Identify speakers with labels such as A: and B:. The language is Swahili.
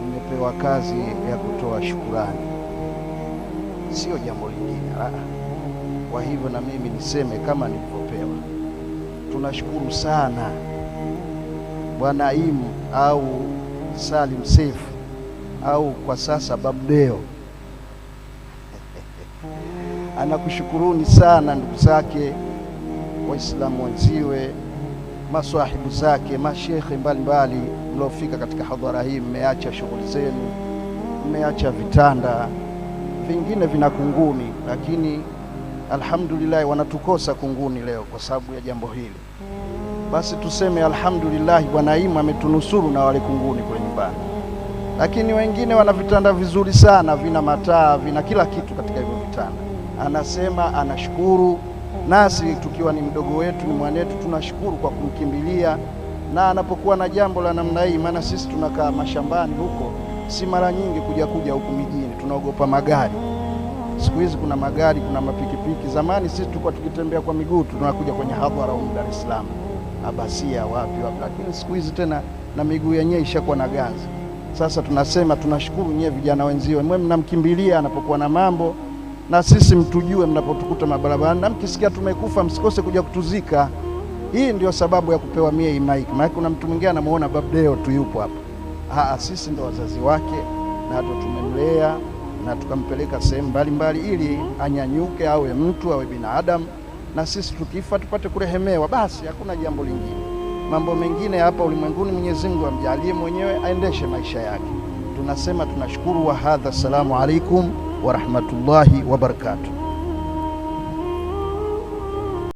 A: nimepewa kazi ya kutoa shukurani, sio jambo lingine. Kwa hivyo na mimi niseme kama nilivyopewa, tunashukuru sana Bwana Imu au Salim Seif au kwa sasa Babdeo anakushukuruni sana ndugu zake Waislamu wenziwe, maswahibu zake, mashekhe mbalimbali mliofika katika hadhara hii, mmeacha shughuli zenu, mmeacha vitanda, vingine vina kunguni, lakini alhamdulillah wanatukosa kunguni leo kwa sababu ya jambo hili. Basi tuseme alhamdulillah, Bwana Ima ametunusuru na wale kunguni kule nyumbani. Lakini wengine wana vitanda vizuri sana, vina mataa, vina kila kitu katika hivyo vitanda. Anasema anashukuru, nasi tukiwa ni mdogo wetu, ni mwanetu, tunashukuru kwa kumkimbilia na anapokuwa na jambo la namna hii, maana sisi tunakaa mashambani huko, si mara nyingi kuja kuja huku mijini, tunaogopa magari. Siku hizi kuna magari, kuna mapikipiki. Zamani sisi tulikuwa tukitembea kwa miguu, tunakuja kwenye hadhara huko Dar es Salaam, Abasia, wapi wapi, lakini siku hizi tena na miguu yenyewe ishakuwa na ganzi. Sasa tunasema tunashukuru nyewe vijana wenziwe, mwe mnamkimbilia anapokuwa na mambo, na sisi mtujue mnapotukuta mabarabarani, na mkisikia tumekufa msikose kuja kutuzika. Hii ndio sababu ya kupewa mie imaiki, maana kuna mtu mwingine anamuona Babdeo tu yupo hapa. Aa, sisi ndo wazazi wake na ndo tumemlea na tukampeleka sehemu mbalimbali ili anyanyuke, awe mtu, awe binadamu, na sisi tukifa tupate kurehemewa. Basi hakuna jambo lingine. Mambo mengine hapa ulimwenguni Mwenyezi Mungu amjalie mwenyewe aendeshe maisha yake. Tunasema tunashukuru. Wa hadha, assalamu alaikum wa rahmatullahi wa barakatuh.